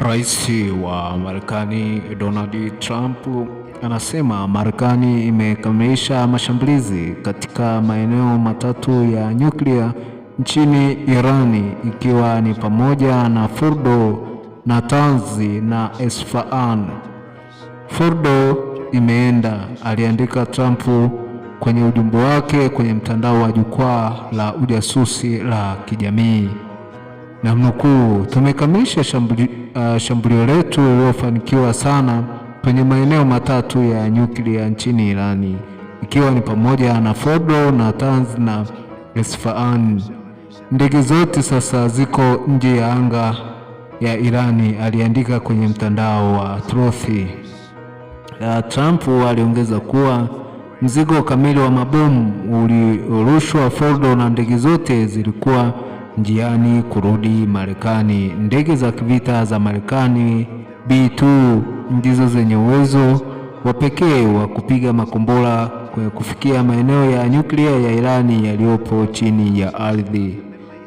Rais wa Marekani Donald Trump anasema Marekani imekamilisha mashambulizi katika maeneo matatu ya nyuklia nchini Irani ikiwa ni pamoja na Fordo, Natanzi na Esfahan. Fordo imeenda, aliandika Trump kwenye ujumbe wake kwenye mtandao wa jukwaa la ujasusi la kijamii mnukuu, tumekamilisha shambulio uh, shambulio letu lililofanikiwa sana kwenye maeneo matatu ya nyuklia nchini Irani, ikiwa ni pamoja na Fordo na Tanz na Isfahan. Ndege zote sasa ziko nje ya anga ya Irani, aliandika kwenye mtandao wa Truth. Uh, Trump aliongeza kuwa Mzigo kamili wa mabomu ulirushwa Fordo na ndege zote zilikuwa njiani kurudi Marekani. Ndege za kivita za Marekani B2 ndizo zenye uwezo wa pekee wa kupiga makombora kwa kufikia maeneo ya nyuklia ya Irani yaliyopo chini ya ardhi.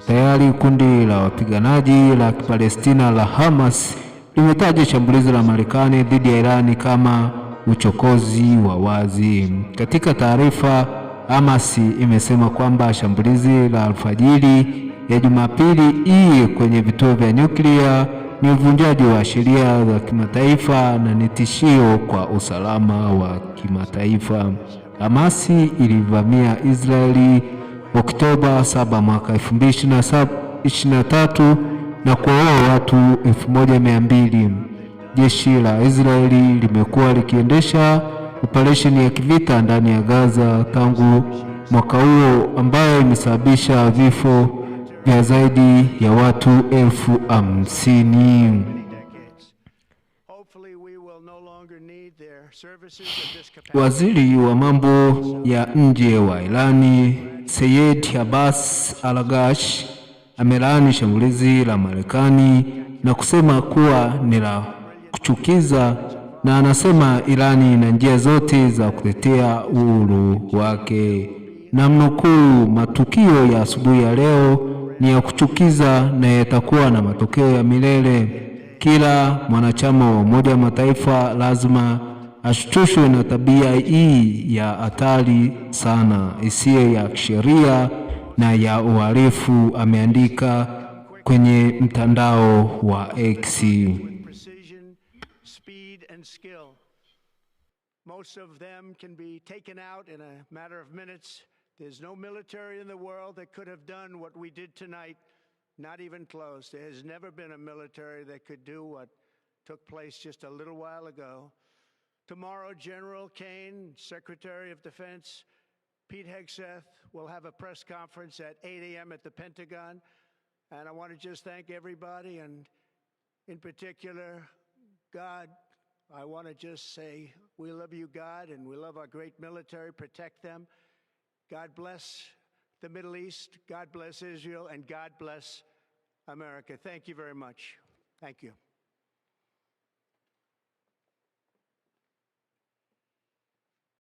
Tayari kundi la wapiganaji la Palestina la Hamas limetaja shambulizi la Marekani dhidi ya Irani kama uchokozi wa wazi. Katika taarifa, Hamas imesema kwamba shambulizi la alfajiri ya Jumapili hii kwenye vituo vya nyuklia ni uvunjaji wa sheria za kimataifa na ni tishio kwa usalama wa kimataifa. Hamas ilivamia Israeli Oktoba 7 mwaka 2023 na kuwaua watu 1200 jeshi la Israeli limekuwa likiendesha operesheni ya kivita ndani ya Gaza tangu mwaka huo, ambayo imesababisha vifo vya zaidi ya watu elfu hamsini. Waziri wa mambo ya nje wa Irani Seyed Abbas Alagash amelaani shambulizi la Marekani na kusema kuwa ni la kuchukiza, na anasema Irani ina njia zote za kutetea uhuru wake. Na mnukuu, matukio ya asubuhi ya leo ni ya kuchukiza na yatakuwa na matokeo ya milele. Kila mwanachama wa Umoja wa Mataifa lazima ashtushwe na tabia hii ya hatari sana isiyo ya kisheria na ya uhalifu, ameandika kwenye mtandao wa X. speed and skill. Most of them can be taken out in a matter of minutes. There's no military in the world that could have done what we did tonight, not even close. There has never been a military that could do what took place just a little while ago. Tomorrow, General Kane, Secretary of Defense, Pete Hegseth will have a press conference at 8 a.m. at the Pentagon. And I want to just thank everybody, and in particular, God, I want to just say we love you, God, and we love our great military. Protect them. God bless the Middle East. God bless Israel, and God bless America. Thank you very much. Thank you.